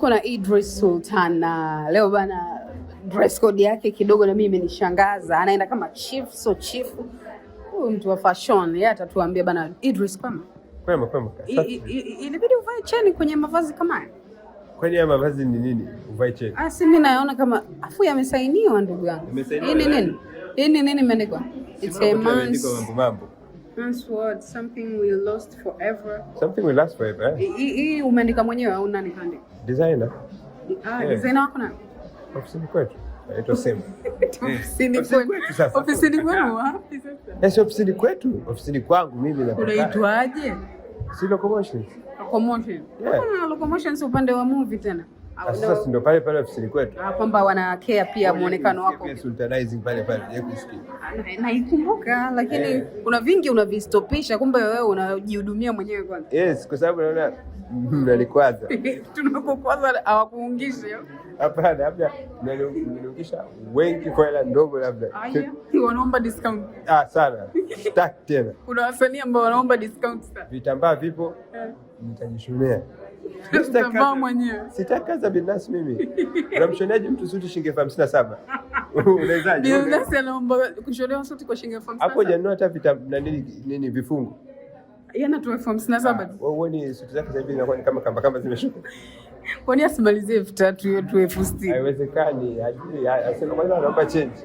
tuko na Idris Sultan na leo bana, dress code yake kidogo na mimi imenishangaza. Anaenda kama chief, so chief huyu mtu wa fashion yeye atatuambia bana. Idris, kwema kwema kwema, ilibidi uvae cheni kwenye mavazi kama haya. Kwani haya mavazi ni nini? Uvae cheni? Ah, si mimi naona kama afu yamesainiwa, ndugu yangu. Hii ni yaani? nini? Hii ni nini imeandikwa? It's a man's mambo mambo word something we lost forever. Something we lost forever. Hii eh? umeandika mwenyewe au nani kaandika? Designer. Ah, eh. designer wako nani? Ofisini kwetu. Eh. Ofisini kwenu ah. ofisini kwetu, ofisini kwangu mimi Unaitwaje? Si Locomotion. Locomotion. upande wa movie tena. Sasa ndio pale pale ofisini kwetu ah, kwamba wana care pia muonekano wako pale pale, eh, naikumbuka, lakini eh. kuna vingi unavistopisha, kumbe wewe unajihudumia mwenyewe kwanza. Yes, kwa sababu naona nalikwaza tunapokwaza hawakuungishi eh? hapana, labda mnaniungisha wengi kwa hela ndogo, labda wanaomba discount. Ah, sana stack tena. Kuna wasanii ambao wanaomba discount sana. Vitambaa vipo, nitajishonea sitakaza binafsi mimi. mtu suti shilingi elfu hamsini na saba? hapo janua hata vita nini vifungo ah, ni suti zake inakuwa ni kama zimeshuka. Kwani asimalizie elfu tatu hiyo tu elfu sitini? Haiwezekani. Anaomba chenji.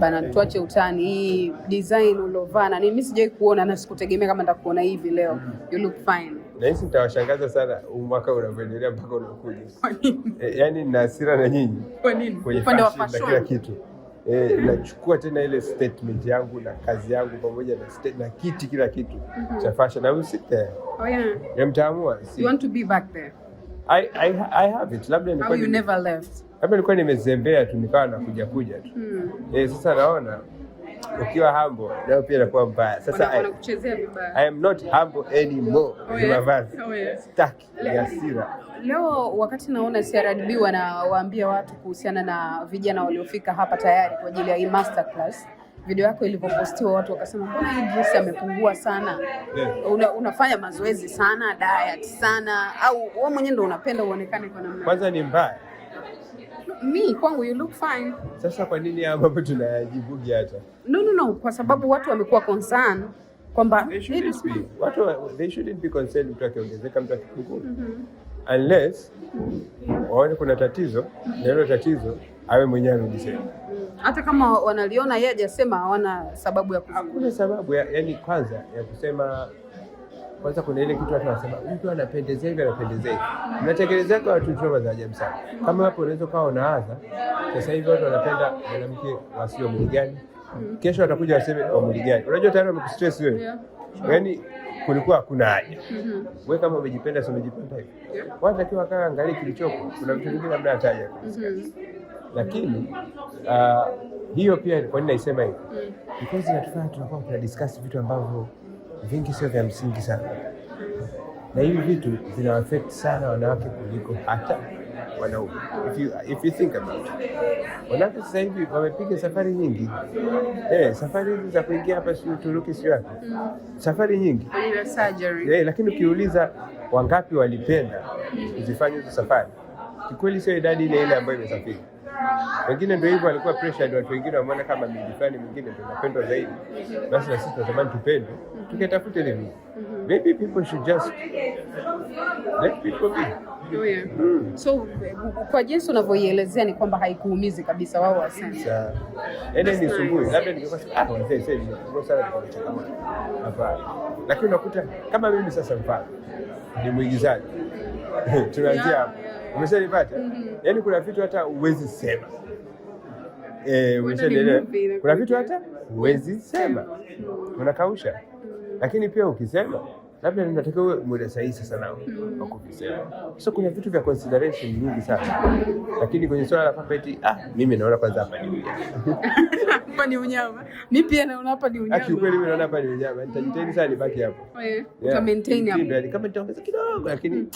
bana, tuache utani. Hii design ulovana, sijai kuona na sikutegemea kama nitakuona hivi leo. Mm. You look fine nahisi nitawashangaza sana mwaka unavyoendelea mpaka unakuja. Yaani na hasira na nyinyi kwenye fashion na kila kitu E, nachukua tena ile statement yangu na kazi yangu pamoja na na kiti kila kitu mm -hmm. cha fashion na sit there. Oh yeah. Mtaamua. You want to be back there? I, I, I have it. Labda nilikuwa you never left. Labda nilikuwa nimezembea tu nikawa nakuja kuja tu. Mm. Eh, sasa naona ukiwa humble nao pia inakuwa mbaya. Sasa eh, I, I am not humble anymore. Oh, ni mavazi oh, sitaki ya sira. Leo wakati naona CRDB wanawaambia watu kuhusiana na vijana waliofika hapa tayari kwa ajili ya hii master class video yako ilivyopostiwa watu wakasema, mbona Idris amepungua sana? yeah. Una, unafanya mazoezi sana, diet sana, au wewe mwenyewe ndo unapenda uonekane kwa namna? Kwanza ni mbaya mi kwangu, you look fine. Sasa kwa nini haya mambo tunayajibugi hata no, no mno kwa sababu watu wamekuwa concern kwamba watu they shouldn't be concerned, mtu akiongezeka, mtu akipungua mm-hmm. unless waone kuna tatizo, na hilo tatizo awe mwenyewe amejisema. Mm. Hata kama wanaliona yeye hajasema, hawana sababu ya kusema. sababu ya, yani kwanza ya kusema kwanza kuna ile kitu watu wanasema mtu anapendezea hivi anapendezea hivi. kwa watu tuma za ajabu sana. Kama hapo unaweza ukawa unaanza sasa hivi watu wanapenda mwanamke wasio mgani kesho watakuja waseme amri oh, gani? Unajua tayari wamekustress wewe, Yani kulikuwa hakuna haja. Mm-hmm. Wewe kama umejipenda, si umejipenda hivi, wanatakiwa kaa angalie kilichopo. Kuna vitu vingine labda ataja, mm-hmm. lakini ah, hiyo pia, kwa nini naisema hivi? Mm. Because inatufanya tunakuwa tuna discuss vitu ambavyo vingi sio vya msingi sana, na hivi vitu vina affect sana wanawake kuliko hata wanaume if you, if you think about it. Wanawake sasa hivi wamepiga safari nyingi eh, safari hizi za kuingia hapa si Uturuki sio wapi mm. safari nyingi eh, lakini ukiuliza wangapi walipenda kuzifanya hizo safari, kikweli sio idadi ile ile ambayo imesafiri. Wengine ndio hivyo walikuwa pressured, watu wengine wameona kama miji fulani mwingine ndio napendwa zaidi, basi na sisi tunatamani tupendwe, tuketafute ile miji. Mm-hmm. Maybe people should just let people be. Oh yeah. Mm. So kwa jinsi unavyoielezea ni kwamba haikuumizi kabisa, wao wasema. Yaani ah, Lakini unakuta kama mimi sasa mfano ni mwigizaji. Tunaanzia hapo. Umeshanipata? Mm-hmm. Yaani kuna vitu hata uwezi sema. Eh, umeshanielewa? Kuna vitu hata uwezi sema. Mm. Unakausha. Lakini pia ukisema labda ninataka uwe muda sahihi sasa na mm. wakuvisema sasa. Kuna vitu vya consideration nyingi sana, lakini kwenye swala la papeti, ah, mimi naona kwanza hapa ni unyama hapa ni unyama. Mimi pia naona hapa ni unyama, kiukweli mimi naona hapa ni unyama. Nitajitahidi sana nibaki hapo, eh, uta maintain hapo, kama nitaongeza kidogo, lakini mm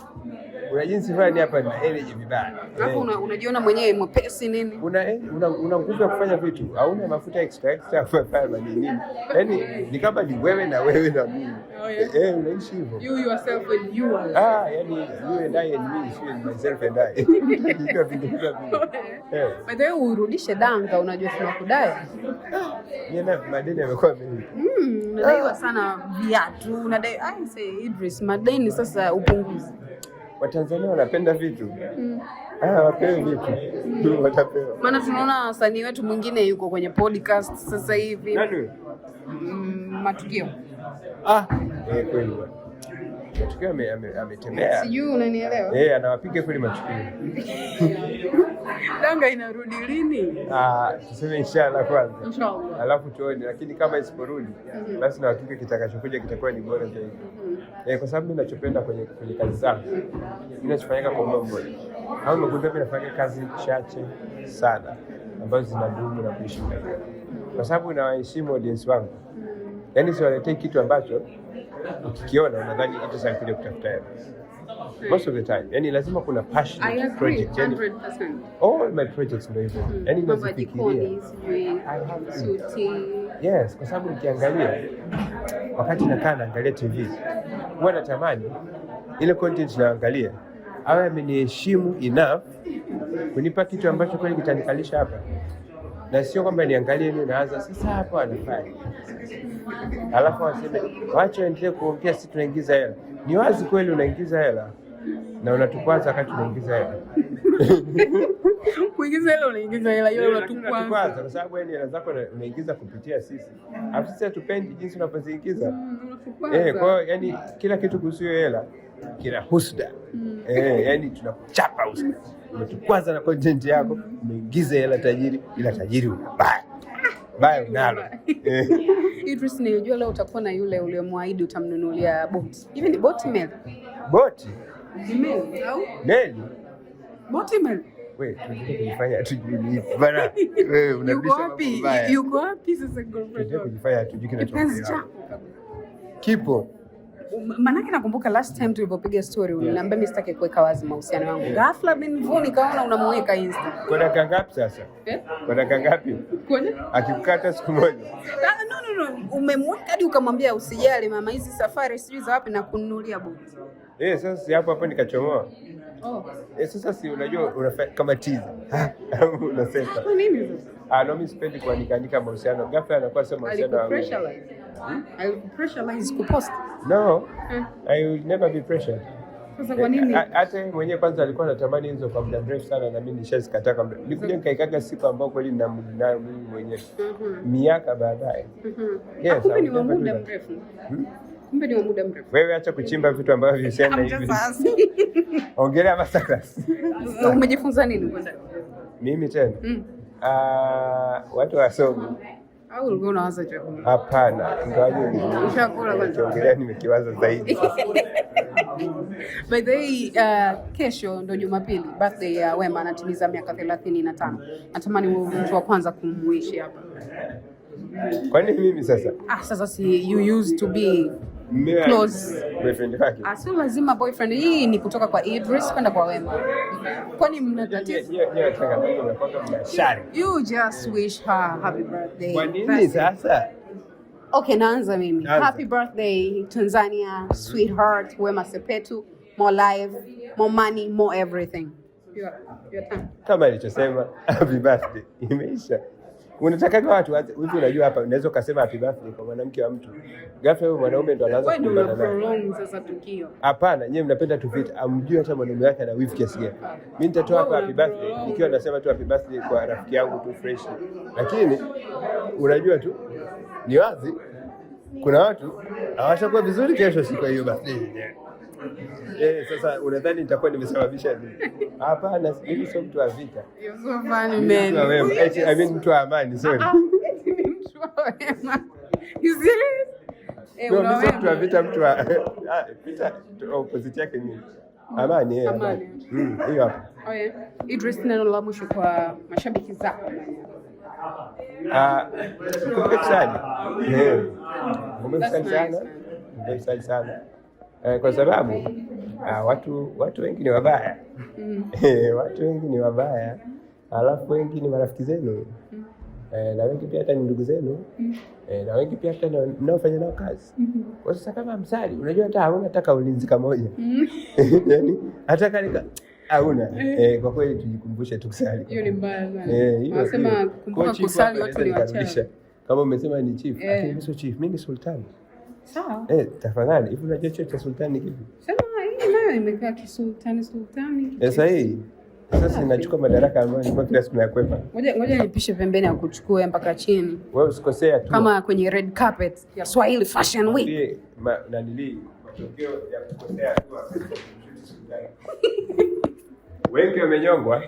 una jinsi fulani hapa na energy vibaya. Hapo unajiona mwenyewe mwepesi nini? Una eh, una, una nguvu ya kufanya vitu. Hauna mafuta extra extra fiber ni nini? Yaani ni kama ni wewe na wewe na mimi. Oh, eh, eh, unaishi hivyo. You yourself and you are. Ah, yani you and I and me, she and myself and I. Ndio vitu vya oh, Eh. Baadaye urudishe danga unajua tunakudai. na madeni yamekuwa mengi. Mm, unadaiwa sana viatu, unadai I say Idris, madeni sasa upunguze. Watanzania wanapenda vitu mm. Ah, wapewe vitu mm. Watapewa, maana tunaona wasanii wetu mwingine yuko kwenye podcast sasa hivi mm, matukio ah, eh, kweli matukio ametembea, sijui unanielewa eh, anawapiga kweli matukio Danga inarudi lini? Ah, tuseme inshallah kwanza. Inshallah. Alafu tuone, lakini kama isiporudi mhm. basi na hakika kitakachokuja kitakuwa ni bora zaidi. Mhm. Eh, kwa sababu mimi ninachopenda kwenye kwenye kazi zangu mimi nachofanyika kwa muda mrefu. Au nimekuambia mimi nafanya kazi chache sana ambazo zinadumu na kuishi Kwa sababu nawaheshimu audience wangu. Mhm. Yaani siwaletei kitu ambacho ukikiona unadhani hata kutafuta hela most of the time, yani lazima kuna passion I agree, project. Yani, 100%. All my projects ndio hivyo. Hmm. Yani nazifikiria. Yes, kwa sababu nikiangalia wakati nakaa naangalia TV huwa natamani ile content naangalia awe ameniheshimu enough kunipa kitu ambacho kweli kitanikalisha hapa na sio kwamba niangalie mimi naanza sasa hapo anafanya, alafu waseme wacha endelee kuongea, si tunaingiza hela. Ni wazi kweli unaingiza hela na unatukwaza wakati unaingiza hela kuingiza hela unaingiza hela hiyo unatukwaza, kwa sababu yani hela zako unaingiza kupitia sisi, alafu sisi hatupendi jinsi unavyoziingiza. Mm, eh, kwa hiyo yani kila kitu kuhusu hiyo hela kila husda mm. E, yani tunakuchapa husda, umetukwaza na content yako, umeingiza hela tajiri, ila tajiri unabaya baya unalo Idris, nijua leo utakuwa na yule uliyomwahidi utamnunulia boti. Hivi ni boti meli? Boti meli au Boti meli. Wewe hatujui nini Um, manake nakumbuka last time tulivyopiga story uliniambia mimi sitaki kuweka wazi mahusiano yangu. Ghafla bin mvuni kaona unamuweka Insta. Kwa dakika ngapi sasa? Eh? Kwa dakika ngapi? Akikukata siku moja. Ah, no no no, umemweka hadi ukamwambia usijali mama, hizi safari sijui za wapi na kununulia buti. Eh, sasa hapo hapo nikachomoa. Oh. Eh, sasa si unajua unafanya kama chizi. Unasema. Kwa nini sasa? Ah, no mimi sipendi kuandika andika mahusiano. Ghafla anakuwa sio mahusiano yangu. Hmm? Pressurize. I will pressurize kupost. No. Eh. I will never be pressured. Sasa kwa nini? Eh, hata mwenyewe kwanza alikuwa anatamani hizo kwa muda mrefu sana na mimi nishazikataa kwa muda. Nilikuja nikaikaga siku ambayo kweli na nayo mimi mwenyewe. Mhm. Miaka baadaye. Mhm. Yes, ah, kumbe ni muda mrefu. Hmm? Kumbe ni muda mrefu. Wewe acha kuchimba vitu ambavyo visema hivi. Ongelea masalas. Umejifunza nini kwa sasa? Mimi tena mm. Uh, watu wasomi au ulikuwa unawaza chakula? Hapana, kwanza. Ongelea nimekiwaza zaidi. By the way, uh, kesho ndo Jumapili birthday ya uh, Wema anatimiza miaka 35. Natamani wewe Natamani mtu wa kwanza kumuishi hapa. Kwani mimi sasa? Ah, sasa si you used to be Ah, si lazima boyfriend. Hii ni kutoka kwa Idris kwenda kwa Wema. Kwani mna tatizo? naanza mimi. Naanza. Happy birthday Tanzania, sweetheart, Wema Sepetu, more life, more money, more everything. Kama ilichosema happy birthday imeisha unatakaga watu hivi. Unajua, hapa unaweza ukasema happy birthday kwa mwanamke wa mtu, ghafla huyo mwanaume ndo anaanza kuprolong sasa tukio. Hapana, nyewe mnapenda tu vita, amjui hata mwanaume wake ana wivu kiasi gani. Mimi nitatoa hapa happy birthday nikiwa nasema tu happy birthday kwa rafiki yangu tu fresh, lakini unajua tu ni wazi kuna watu hawatakuwa vizuri kesho siku hiyo birthday yenyewe Eh, sasa unadhani nitakuwa nimesababisha nini? Hapana, mimi sio mtu wa vita. Eh, I mean mtu wa amani, sorry. Ah, mtu wa wema. You serious? Eh, unaweza mtu wa vita, mtu wa ah, vita opposite yake ni oh, amani. Eh, amani. Mm, Hiyo hapo. hapa. Oh, Idris, neno la mwisho kwa mashabiki zako. Ah, Mkumbuke eh, sana. Mbona sana. Mbona sana eh, kwa sababu ah, watu watu wengi ni wabaya mm. watu wengi ni wabaya, alafu wengi ni marafiki zenu mm. eh, na wengi pia hata ni ndugu zenu mm. eh, na wengi pia hata mnaofanya nao kazi mm Kwa sasa kama msali, unajua hata hauna hata ulinzi kamoja mm. yani hata kalika hauna eh. eh, kwa kweli tujikumbushe tu kusali. Hiyo ni mbaya sana eh, wanasema kumbuka kusali, watu ni wachache. Kama umesema ni chief, eh. lakini sio chief, mimi ni sultani Sawa. Eh, tafadhali hivi unajua cheo cha sultani kipi? Sasa hii nayo imekaa kisultani sultani. Eh, sahihi. Sasa ninachukua ah, madaraka ambayo nilikuwa kila siku nakwepa. Ngoja ngoja nipishe pembeni ya kuchukua mpaka chini. Wewe usikosea tu. Kama kwenye red carpet ya Swahili Fashion Week. Ndiye na nanili matokeo ya kukosea tu. Wengi wamenyongwa.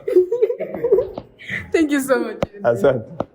Thank you so much. Asante.